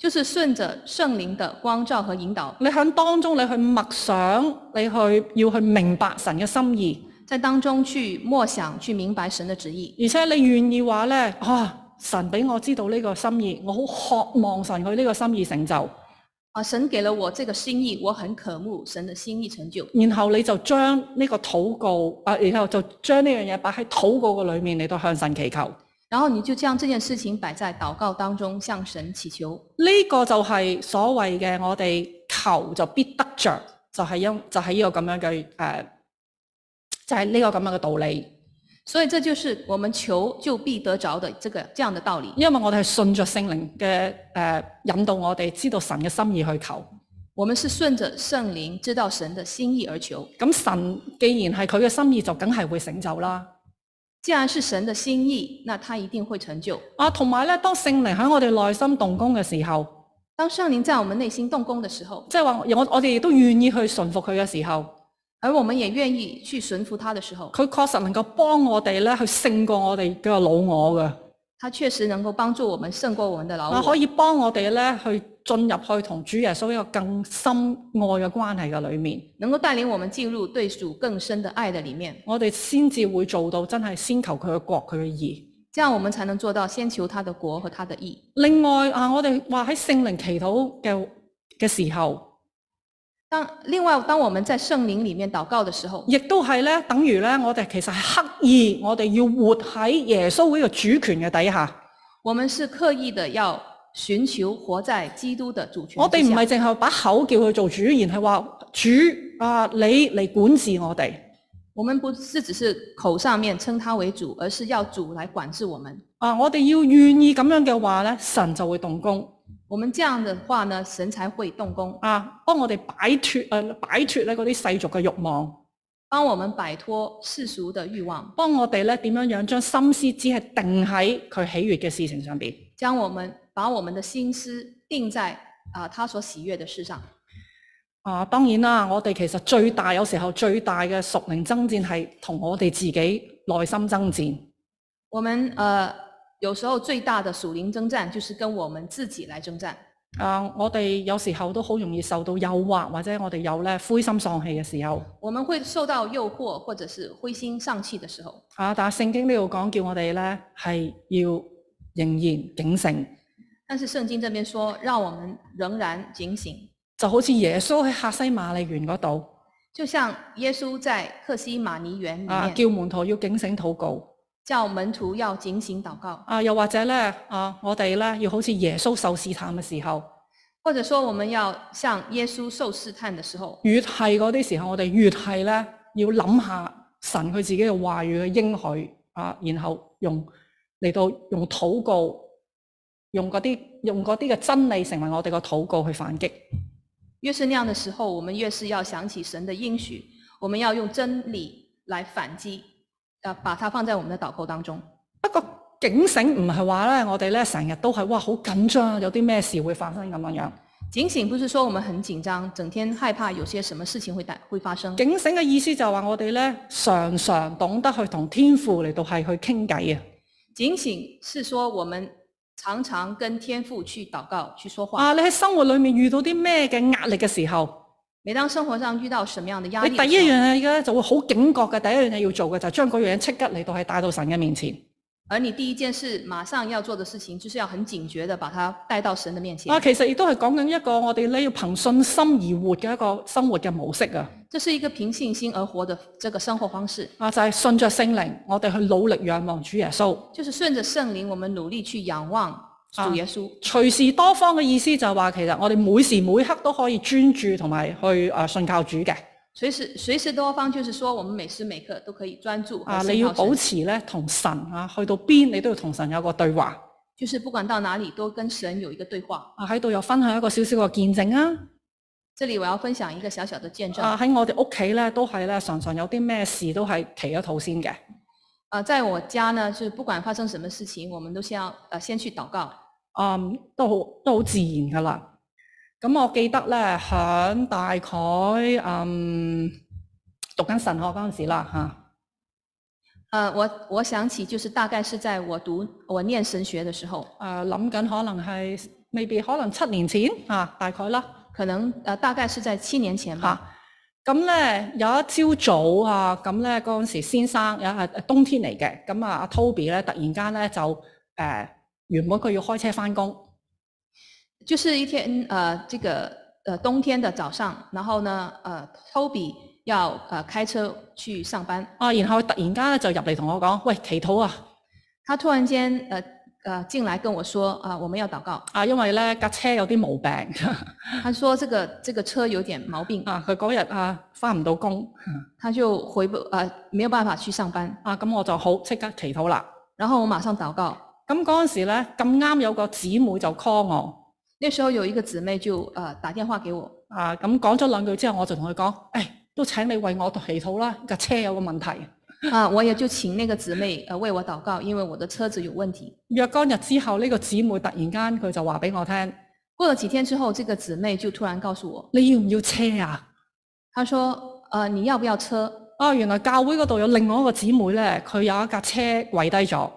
就是順着聖靈的光照和引導。你喺當中，你去默想，你去要去明白神嘅心意。在當中去默想，去明白神的旨意，而且你願意話咧，啊，神俾我知道呢個心意，我好渴望神去呢個心意成就。啊，神給了我這個心意，我很渴慕神的心意成就。然後你就將呢個禱告，啊，然後就將呢樣嘢擺喺禱告嘅裏面，你都向神祈求。然後你就將這件事情擺在禱告當中，向神祈求。呢、這個就係所謂嘅我哋求就必得着，就係、是、因就呢、是、個咁樣嘅誒。呃就係、是、呢個咁樣嘅道理，所以這就是我們求就必得着的這個這樣的道理。因為我哋係順著聖靈嘅呃，引導我們，我哋知道神嘅心意去求。我們是順著聖靈知道神的心意而求。咁神既然係佢嘅心意，就梗係會成就啦。既然是神的心意，那他一定會成就。啊，同埋咧，當聖靈喺我哋內心動工嘅時候，當聖靈在我們內心動工的時候，即係話我我哋亦都願意去順服佢嘅時候。而我們也願意去順服他的時候，佢確實能夠幫我哋去勝過我哋的老我嘅。他確實能夠幫助我們勝過我們的老我。可以幫我哋去進入去同主耶穌一個更深愛嘅關係嘅裡面，能夠帶領我們進入對主更深的愛的裏面。我哋先至會做到真係先求佢的國佢的義，這樣我們才能做到先求他的國和他的義。另外我哋話喺聖靈祈禱的嘅時候。當另外當我們在聖靈裏面禱告的時候，亦都係呢，等於呢，我哋其實係刻意，我哋要活喺耶穌呢個主權嘅底下。我們是刻意的要尋求活在基督的主權下。我哋唔係淨係把口叫佢做主，而係話主啊，你嚟管治我哋。我們不是只是口上面稱他為主，而是要主來管治我們。啊，我哋要願意咁樣嘅話呢，神就會動工。我們這樣的話呢，神才會動工啊，幫我哋擺脫啊、呃，擺脫咧嗰啲世俗嘅慾望，幫我們擺脫世俗的慾望，幫我哋咧點樣樣將心思只係定喺佢喜悦嘅事情上邊，將我們把我們的心思定在啊他所喜悦嘅事上。啊，當然啦，我哋其實最大有時候最大嘅屬靈爭戰係同我哋自己內心爭戰。我們誒。呃有時候最大的屬靈征戰就是跟我們自己來征戰。啊，我哋有時候都好容易受到誘惑，或者我哋有咧灰心喪氣嘅時候。我們會受到誘惑，或者是灰心喪氣嘅時候。啊，但係聖經呢度講叫我哋咧係要仍然警醒。但是聖經這邊說，讓我們仍然警醒。就好似耶穌喺客西馬尼園嗰度，就像耶穌在客西馬尼園裏啊，叫門徒要警醒禱告。叫門徒要警醒禱告啊！又或者呢，啊，我哋呢，要好似耶穌受試探嘅時候，或者說我們要向耶穌受試探嘅時候，越係嗰啲時候，我哋越係呢，要諗下神佢自己嘅話語嘅應許啊，然後用嚟到用禱告，用嗰啲用嗰啲嘅真理，成為我哋嘅禱告去反擊。越是那樣的時候，我們越是要想起神的應許，我們要用真理來反擊。把它放在我們的禱告當中。不過警醒唔係話咧，我哋咧成日都係哇好緊張，有啲咩事會發生咁樣樣警醒。不是說我們很緊張，整天害怕有些什麼事情會帶會發生。警醒嘅意思就係話我哋咧常常懂得去同天父嚟到係去傾偈啊。警醒是說我們常常跟天父去禱告去說話。啊！你喺生活裏面遇到啲咩嘅壓力嘅時候？每當生活上遇到什麼樣的壓力嘅時候，你第一樣嘢依家就會好警覺的。第一樣嘢要做嘅就將嗰樣嘢即刻嚟到係帶到神嘅面前。而你第一件事馬上要做的事情，就是要很警覺地把它帶到神的面前。啊，其實亦都係講緊一個我哋咧要憑信心而活嘅一個生活嘅模式啊。這是一個憑信心而活的這個生活方式。啊，就係、是、順着聖靈，我哋去努力仰望主耶穌。就是順着聖靈，我們努力去仰望。耶穌啊！隨時多方嘅意思就話，其實我哋每時每刻都可以專注同埋去信教主嘅。隨時隨時多方就是說，我們每時每刻都可以專注和信。啊，你要保持咧，同神啊，去到邊你都要同神有個對話。就是不管到哪裡都跟神有一個對話。啊，喺度又分享一個小小嘅見證啊！這裡我要分享一個小小的見證。啊，喺我哋屋企咧都係咧，常常有啲咩事都係祈一禱先嘅。啊，在我家呢，就是、不管發生什麼事情，我們都先要啊、呃、先去禱告。嗯，都好都好自然㗎啦。咁我記得呢，響大概嗯讀緊神學嗰陣時啦、啊呃、我我想起，就是大概是在我讀我念神學的時候，諗、呃、緊可能係未必可能七年前、啊、大概啦，可能、呃、大概是在七年前嘛。咁、啊、咧有一朝早，早啊，咁咧嗰陣時先生，有、啊、係冬天嚟嘅，咁啊阿 Toby 呢，突然間呢就呃、啊原本佢要開車返工，就是一天誒、呃，這個、呃、冬天的早上，然後呢、呃、Toby 要誒、呃、開車去上班啊，然後突然間就入嚟同我講，喂，祈禱啊！他突然間誒誒、呃呃、進來跟我說啊、呃，我們要禱告啊，因為咧架車有啲毛病， 他說這個這個車有點毛病啊，佢嗰日啊返唔到工，他就回不、呃、沒有辦法去上班啊，咁我就好即刻祈禱啦，然後我馬上禱告。咁嗰陣時咧，咁啱有個姊妹就 call 我。那時候有一個姊妹就打電話給我，啊咁講咗兩句之後，我就同佢講，誒、哎、都請你為我祈禱啦，架車有個問題。啊，我也就請那個姊妹為我禱告，因為我的車子有問題。若干日之後，呢、這個姊妹突然間佢就話俾我聽。過了幾天之後，這個姊妹就突然告訴我，你要唔要車啊？他說、呃，你要不要車？啊，原來教會嗰度有另外一個姊妹咧，佢有一架車跪低咗。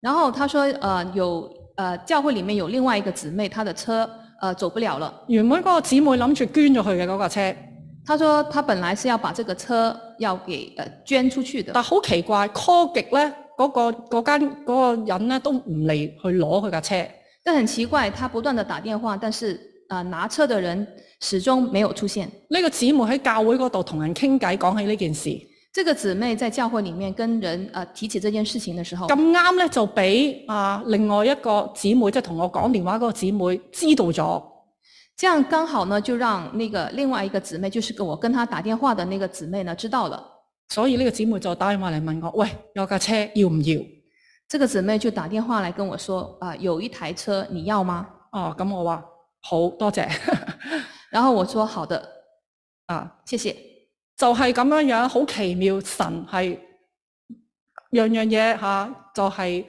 然後他說：，呃有呃教會裡面有另外一個姊妹，她的車，呃走不了了。原本嗰個姊妹諗住捐咗佢嘅嗰架車，他說，他本來是要把這個車要給、呃、捐出去的。但好奇怪，call 極咧，嗰、嗰個嗰間、嗰個人咧都唔嚟去攞佢架車。但很奇怪，他不斷地打電話，但是，呃拿車的人始終沒有出現。呢、呢個姊妹喺教會嗰度同人傾偈，講起呢件事。這個姊妹在教會裏面跟人啊、呃、提起這件事情的時候，咁啱呢，就俾啊另外一個姊妹，即係同我講電話嗰個姊妹知道咗，這樣剛好呢就讓那個另外一個姊妹，就是我跟她打電話的那個姊妹呢知道了。所以呢個姊妹就打電話嚟問我：喂，有架車要唔要？這個姊妹就打電話嚟跟我說：啊、呃，有一台車你要嗎？哦，咁、嗯、我話好多謝， 然後我說好的，啊，謝謝。就是這樣樣，好奇妙！神是樣樣嘢就是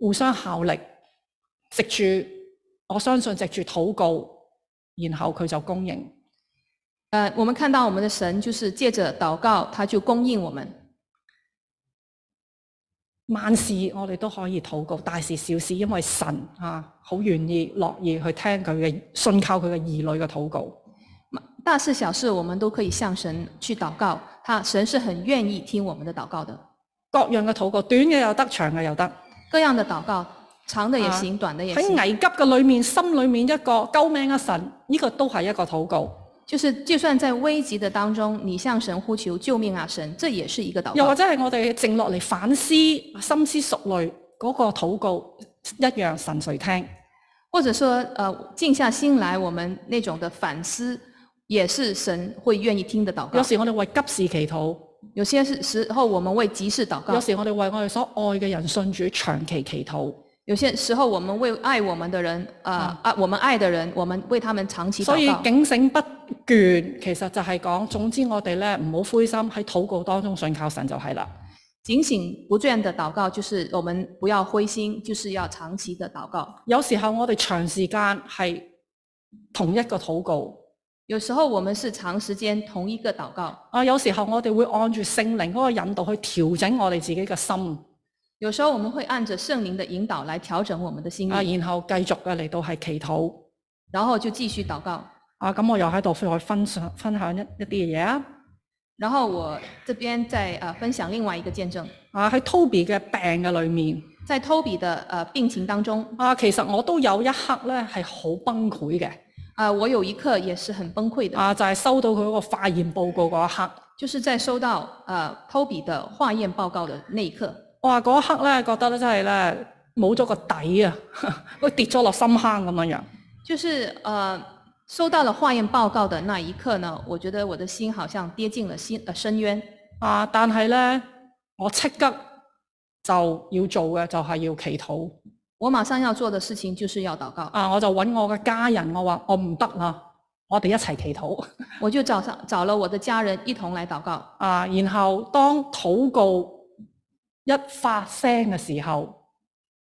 互相效力，藉住，我相信藉住禱告，然後佢就供應、呃。我們看到我們的神就是借着禱告，他就供應我們萬事，我哋都可以禱告，大事小事，因為神吓好、啊、願意樂意去聽佢嘅信靠佢嘅兒女嘅禱告。大事小事，我們都可以向神去禱告。他神是很願意聽我們的禱告的。各樣的禱告，短的又得，長的又得。各樣的禱告，長的也行，啊，短的也行。在危急的裏面，心裏面一個救命啊神，呢、這個都係一個禱告。就是就算在危急的當中，你向神呼求救命啊神，這也是一個禱告。又或者係我哋靜落嚟反思、深思熟慮嗰，那個禱告，一樣神垂聽。或者說，呃，靜下心來，我們那種的反思。也是神會願意聽的禱告。有時我們為急事祈禱，有些時候我們為急事禱告。有時我們為我哋所愛的人信主長期祈禱。有些時候我們為愛我們的人，啊、嗯、啊、呃，我們愛的人，我們為他們長期禱告。所以警醒不倦，其實就是講，總之我們呢唔好灰心喺禱告當中信靠神就是了。警醒不倦的禱告，就是我們不要灰心，就是要長期的禱告。有時候我們長時間係同一個禱告。有時候我們是長時間同一個禱告。啊，有時候我哋會按住聖靈嗰個引導去調整我哋自己嘅心。有時候我們會按着聖靈的引導來調整我們的心。啊，然後繼續嘅嚟到係祈禱，然後就繼續禱告。啊，咁我又喺度去分享分享一一啲嘢啊。然後我這邊再啊分享另外一個見證。啊，喺 Toby 嘅病嘅裏面，在 Toby 的誒病情當中，啊，其實我都有一刻咧係好崩潰嘅。啊！我有一刻也是很崩潰的。啊，就係、是、收到佢嗰個化驗報告嗰一刻，就是在收到啊 Toby 的化驗報告的那一刻。哇！嗰一刻咧，覺得真係咧冇咗個底啊，我跌咗落深坑咁樣樣。就是啊、呃，收到了化驗報告的那一刻呢，我覺得我的心好像跌進了心呃深淵。啊！但係咧，我即刻就要做嘅就係、是、要祈禱。我馬上要做的事情就是要禱告啊！我就揾我嘅家人，我話我唔得啦，我哋一齊祈禱。 我就找上找了我的家人，一同嚟禱告啊。然後當禱告一發聲嘅時候，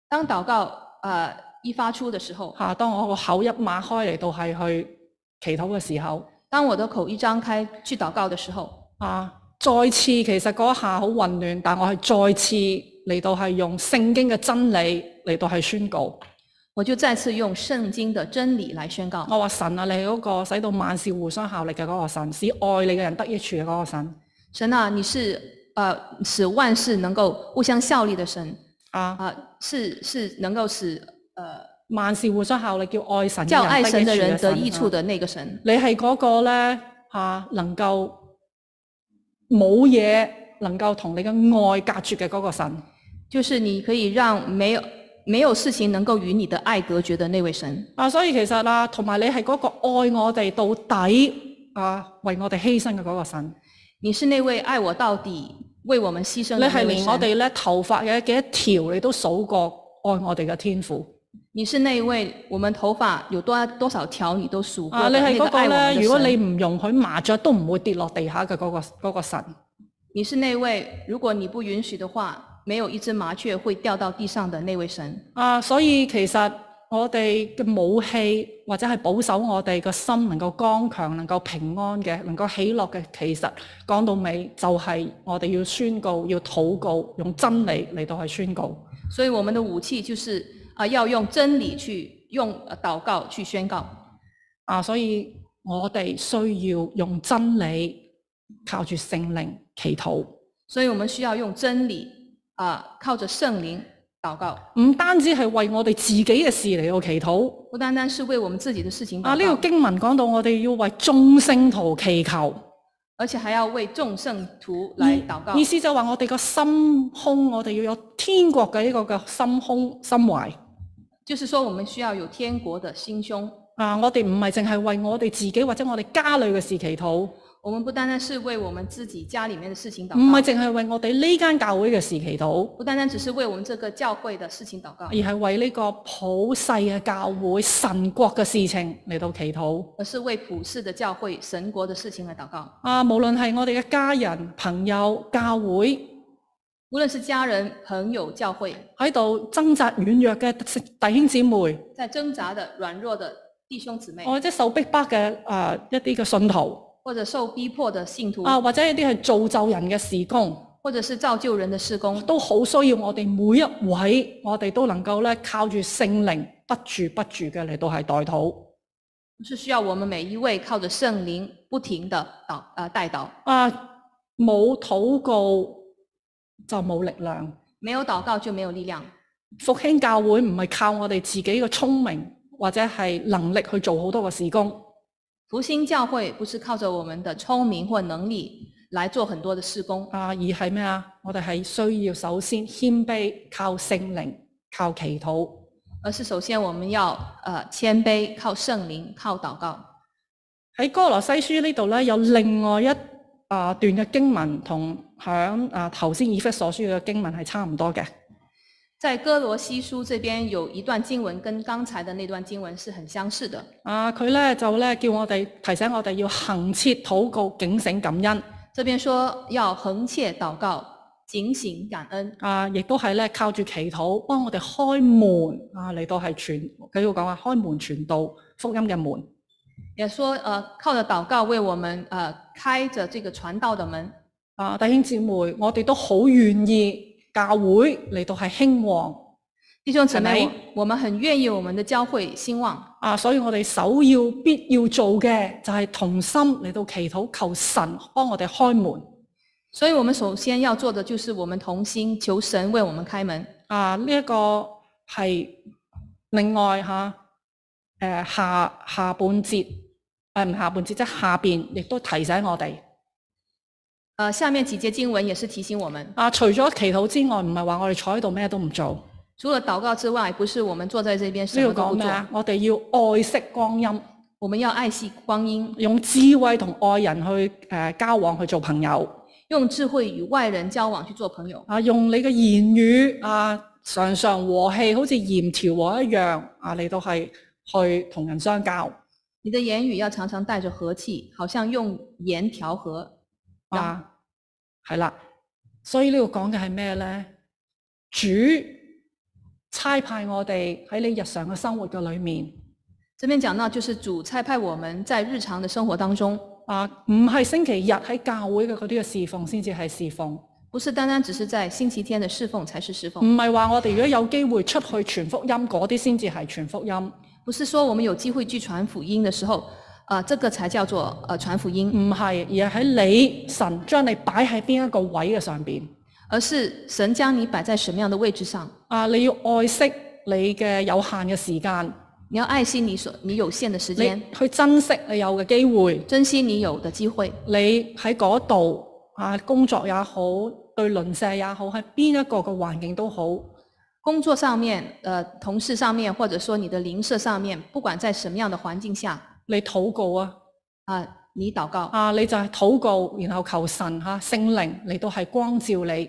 當禱告、呃、一發出的時候，吓、啊，當我個口一擘開嚟到係去祈禱嘅時候，當我的口一張開去禱告的時候啊，再次其實嗰下好混亂，但我係再次嚟到係用聖經嘅真理。嚟到係宣告，我就再次用聖經的真理嚟宣告。我話神啊，你係嗰個使到萬事互相效力嘅嗰個神，使愛你嘅人得益處嘅嗰個神。神啊，你是誒使、呃、萬事能夠互相效力的神啊啊，是是能夠使誒、呃、萬事互相效力叫愛神叫愛神，神的人得益處的那個神，啊、你係嗰個咧吓、啊，能夠冇嘢能夠同你嘅愛隔絕嘅嗰個神，就是你可以讓沒有。沒有事情能夠與你的愛隔絕的那位神。啊，所以其實啦、啊，同埋你係嗰個愛我哋到底啊，為我哋犧牲嘅嗰個神。你是那位愛我到底、為我們犧牲的那位神。你係連我哋咧頭髮有幾多條，你都數過愛我哋嘅天父。你是那位，我們頭髮有多多少條，你都數過、啊。你係嗰個咧，如果你唔容許麻雀都唔會跌落地下嘅嗰個嗰個神。你是那位，如果你不允許的話，沒有一隻麻雀會掉到地上的那位神啊！所以其實我哋嘅武器或者係保守我哋個心，能夠剛強，能夠平安嘅，能夠喜樂嘅。其實講到尾就係我哋要宣告，要禱告，用真理嚟到去宣告。所以我們的武器就是啊，要用真理去用禱告去宣告。啊，所以我哋需要用真理靠住聖靈祈禱。所以我們需要用真理。啊！靠着聖靈禱告，唔單止係為我哋自己嘅事嚟到祈禱，不單單是為我們自己的事情禱告。啊！呢、這個經文講到我哋要為眾聖徒祈求，而且還要為眾聖徒來禱告。意思就話我哋個心胸，我哋要有天國嘅一個嘅心胸心懷，就是說我們需要有天國的心胸。啊！我哋唔係淨係為我哋自己或者我哋家裏嘅事祈禱。我們不單單是為我們自己家裡面的事情禱，唔係淨係為我哋呢間教會嘅事祈禱。不單單只是為我們這個教會的事情禱告，而是為這個普世的教會、神國的事情來到祈禱。而是為普世的教會、神國的事情來禱告。啊，無論是我們的家人、朋友、教會，無論是家人、朋友、教會，喺度掙扎軟弱的弟兄姊妹，在掙扎的軟弱的弟兄姊妹，或者受逼迫，迫的啊一些信徒。或者受逼迫的信徒啊，或者一啲係造就人嘅事工，或者是造就人嘅事工，都好需要我哋每一位，我哋都能夠咧靠住聖靈不住不住嘅嚟到係代禱。就是需要我們每一位靠着聖靈不停嘅禱，誒，代禱。啊，冇禱告就冇力量，沒有禱告就沒有力量。復興教會唔係靠我哋自己嘅聰明或者係能力去做好多個事工。福星教會不是靠着我們的聰明或能力來做很多的事工，啊，而係咩啊？我哋係需要首先謙卑，靠聖靈，靠祈禱。而是首先我們要，誒，謙卑，靠聖靈，靠禱告。喺哥羅西書呢度咧，有另外一啊段嘅經文，同響啊頭先以弗所書嘅經文係差唔多嘅。在哥羅西書這邊有一段經文，跟剛才的那段經文是很相似的。啊，佢咧就咧叫我哋提醒我哋要恒切禱告、警醒感恩。這邊說要恒切禱告、警醒感恩。啊，亦都係咧靠住祈禱幫我哋開門啊嚟到係傳，佢要講話開門傳道福音嘅門。也說誒、呃，靠着禱告為我們誒、呃、開着這個傳道的門。啊，弟兄姊妹，我哋都好願意。教會嚟到係興旺，弟兄姊妹是、是，我們很願意我們的教會興旺。啊，所以我哋首要必要做嘅就係同心嚟到祈禱，求神幫我哋開門。所以，我們首先要做的就是我們同心求神為我們開門。啊，呢、這、一個係另外吓，誒、啊、下下半節，誒、啊、唔下半節即係下邊，亦都提醒我哋。呃下面幾節經文也是提醒我們。啊，除咗祈禱之外，唔係話我哋坐喺度咩都唔做。除了禱告之外，不是我們坐在這邊什麼都不做。要講咩？我哋要愛惜光陰，我們要愛惜光陰，用智慧同愛人去誒、呃、交往去做朋友，用智慧與外人交往去做朋友。啊，用你嘅言語啊，常常和氣，好似鹽調和一樣啊，你都係去同人相交。你的言語要常常帶着和氣，好像用鹽調和。啊，係啦，所以這的是什麼呢個講嘅係咩咧？主差派我哋喺你日常嘅生活嘅裏面，這邊講到就是主差派我們在日常嘅生活當中啊，唔係星期日喺教會嘅嗰啲嘅侍奉先至係侍奉，不是單單只是在星期天嘅侍奉才是侍奉，唔係話我哋如果有機會出去傳福音嗰啲先至係傳福音，不是說我們有機會去傳福音嘅時候。啊，這個才叫做呃傳福音。唔係，而係你神將你擺喺邊一個位嘅上面，而是神將你擺在什麼樣的位置上。啊，你要愛惜你嘅有限嘅時間，你要愛惜你所你有限嘅時間，去珍惜你有嘅機會，珍惜你有的機會。你喺嗰度啊，工作也好，對鄰舍也好，喺邊一個嘅環境都好，工作上面、呃同事上面，或者說你的鄰舍上面，不管在什麼樣的環境下。你禱告啊！啊，你禱告啊！你就係禱告，然後求神聖靈嚟到係光照你，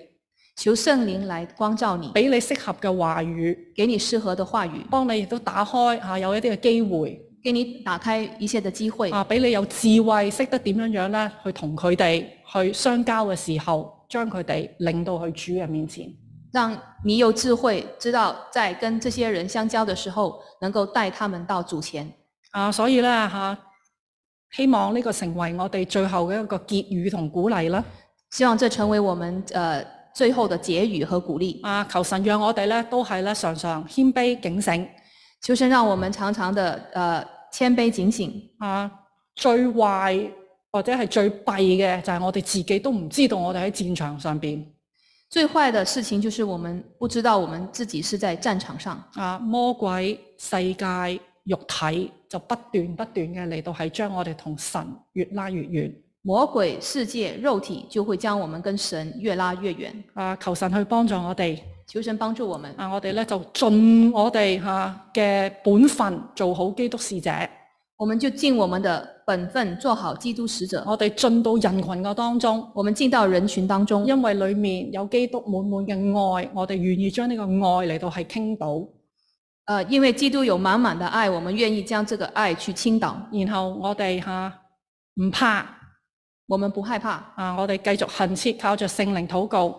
求聖靈嚟光照你，俾你適合嘅話語，給你適合的話語，幫你亦都打開、啊、有一啲嘅機會，給你打開一些嘅機會啊！給你有智慧，識得點樣樣呢？去同佢哋去相交嘅時候，將佢哋領到去主人面前。讓你有智慧，知道在跟這些人相交的時候，能夠帶他們到主前。啊，所以咧嚇希望呢個成為我哋最後嘅一個結語同鼓勵啦。希望即成為我們最後的結語和鼓勵、呃。啊，求神讓我哋咧都係咧常常謙卑警醒。求神讓我們常常的謙、呃、卑警醒。啊，最壞或者係最弊嘅就係我哋自己都唔知道我哋喺戰場上邊。最壞的事情就是我們不知道我們自己是在戰場上。啊，魔鬼世界。肉體就不斷不斷嘅嚟到係，將我哋同神越拉越遠，魔鬼世界肉體就會將我們跟神越拉越遠。啊，求神去幫助我哋，求神幫助我們。啊，我哋呢，就盡我哋嘅本分，做好基督使者。我們就盡我們的本分，做好基督使者。我哋進到人群嘅當中，我們進到人群當中，因為裏面有基督滿滿嘅愛，我哋願意將呢個愛嚟到係傾倒。呃因為，基督有滿滿的愛，我們願意將這個愛去傾倒。然後我哋吓唔怕，我們不害怕啊！我哋繼續恆切靠着聖靈禱告，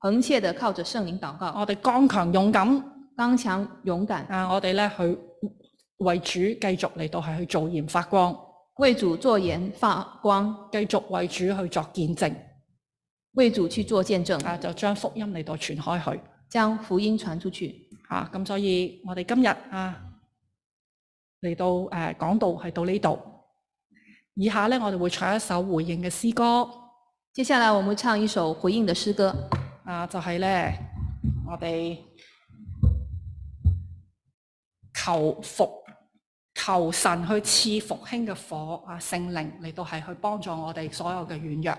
恆切的靠着聖靈禱告。我哋剛強勇敢，剛強勇敢啊！我哋咧去為主繼續嚟到係去做鹽發光，為主做鹽發光，繼續為主去作見證，為主去做見證啊！就將福音嚟到傳開去，將福音傳出去。啊，咁所以我哋今日啊嚟到誒講、呃、道係到呢度，以下咧我哋會唱一首回應嘅詩歌。接下來我們會唱一首回應的詩歌，啊就係、是、咧我哋求福求神去賜復興嘅火啊，聖靈嚟到係去幫助我哋所有嘅軟弱。